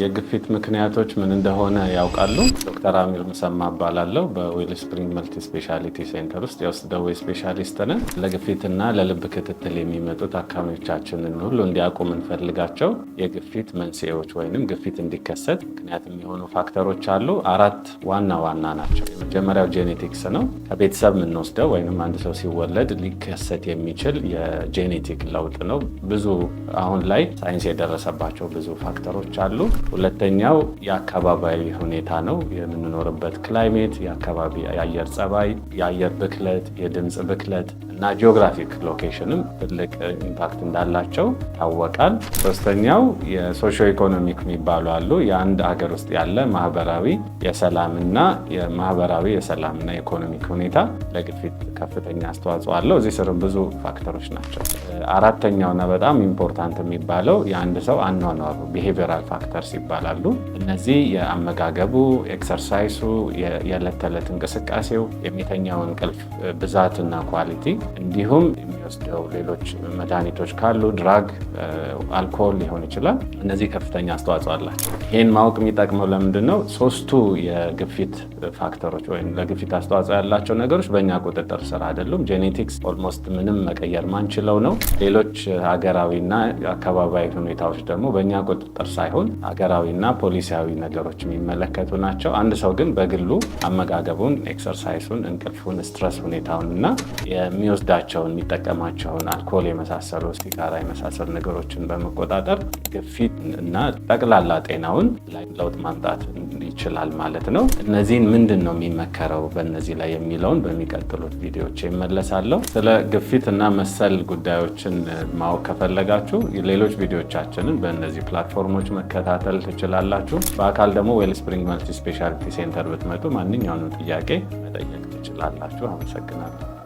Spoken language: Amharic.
የግፊት ምክንያቶች ምን እንደሆነ ያውቃሉ? ዶክተር አሚር ምሰማ እባላለሁ። በዌል ስፕሪንግ መልቲ ስፔሻሊቲ ሴንተር ውስጥ የውስጥ ደዌ ስፔሻሊስት ነን። ለግፊትና ለልብ ክትትል የሚመጡ ታካሚዎቻችንን ሁሉ እንዲያውቁ የምንፈልጋቸው የግፊት መንስኤዎች ወይንም ግፊት እንዲከሰት ምክንያት የሚሆኑ ፋክተሮች አሉ። አራት ዋና ዋና ናቸው። የመጀመሪያው ጄኔቲክስ ነው። ከቤተሰብ የምንወስደው ወይንም አንድ ሰው ሲወለድ ሊከሰት የሚችል የጄኔቲክ ለውጥ ነው። ብዙ አሁን ላይ ሳይንስ የደረሰባቸው ብዙ ፋክተሮች አሉ። ሁለተኛው የአካባቢያዊ ሁኔታ ነው። የምንኖርበት ክላይሜት፣ የአካባቢ የአየር ጸባይ፣ የአየር ብክለት፣ የድምፅ ብክለት እና ጂኦግራፊክ ሎኬሽንም ትልቅ ኢምፓክት እንዳላቸው ይታወቃል። ሶስተኛው የሶሾ ኢኮኖሚክ የሚባሉ አሉ። የአንድ ሀገር ውስጥ ያለ ማህበራዊ የሰላምና የማህበራዊ የሰላምና ኢኮኖሚክ ሁኔታ ለግፊት ከፍተኛ አስተዋጽኦ አለው። እዚህ ስርም ብዙ ፋክተሮች ናቸው። አራተኛውና በጣም ኢምፖርታንት የሚባለው የአንድ ሰው አኗኗሩ ቢሄቪራል ፋክተርስ ይባላሉ። እነዚህ የአመጋገቡ፣ ኤክሰርሳይሱ፣ የዕለት ተዕለት እንቅስቃሴው፣ የሚተኛውን እንቅልፍ ብዛትና ኳሊቲ እንዲሁም የሚወስደው ሌሎች መድኃኒቶች ካሉ ድራግ፣ አልኮል ሊሆን ይችላል። እነዚህ ከፍተኛ አስተዋጽኦ አላቸው። ይህን ማወቅ የሚጠቅመው ለምንድን ነው? ሶስቱ የግፊት ፋክተሮች ወይም ለግፊት አስተዋጽኦ ያላቸው ነገሮች በእኛ ቁጥጥር ስር አይደሉም። ጄኔቲክስ ኦልሞስት ምንም መቀየር ማንችለው ነው። ሌሎች ሀገራዊና አካባቢዊ ሁኔታዎች ደግሞ በእኛ ቁጥጥር ሳይሆን ሀገራዊና ፖሊሲያዊ ነገሮች የሚመለከቱ ናቸው። አንድ ሰው ግን በግሉ አመጋገቡን፣ ኤክሰርሳይሱን፣ እንቅልፉን፣ ስትረስ ሁኔታውን እና የሚወስዳቸውን የሚጠቀማቸውን አልኮል የመሳሰሉ ሲጋራ የመሳሰሉ ነገሮችን በመቆጣጠር ግፊት እና ጠቅላላ ጤናውን ላይ ለውጥ ማምጣት ይችላል ማለት ነው። እነዚህን ምንድን ነው የሚመከረው በእነዚህ ላይ የሚለውን በሚቀጥሉት ቪዲዮዎች ይመለሳለሁ። ስለ ግፊት እና መሰል ጉዳዮችን ማወቅ ከፈለጋችሁ ሌሎች ቪዲዮቻችንን በእነዚህ ፕላትፎርሞች መከታተል ትችላላችሁ። በአካል ደግሞ ዌልስፕሪንግ መልቲ ስፔሻሊቲ ሴንተር ብትመጡ ማንኛውንም ጥያቄ መጠየቅ ትችላላችሁ። አመሰግናለሁ።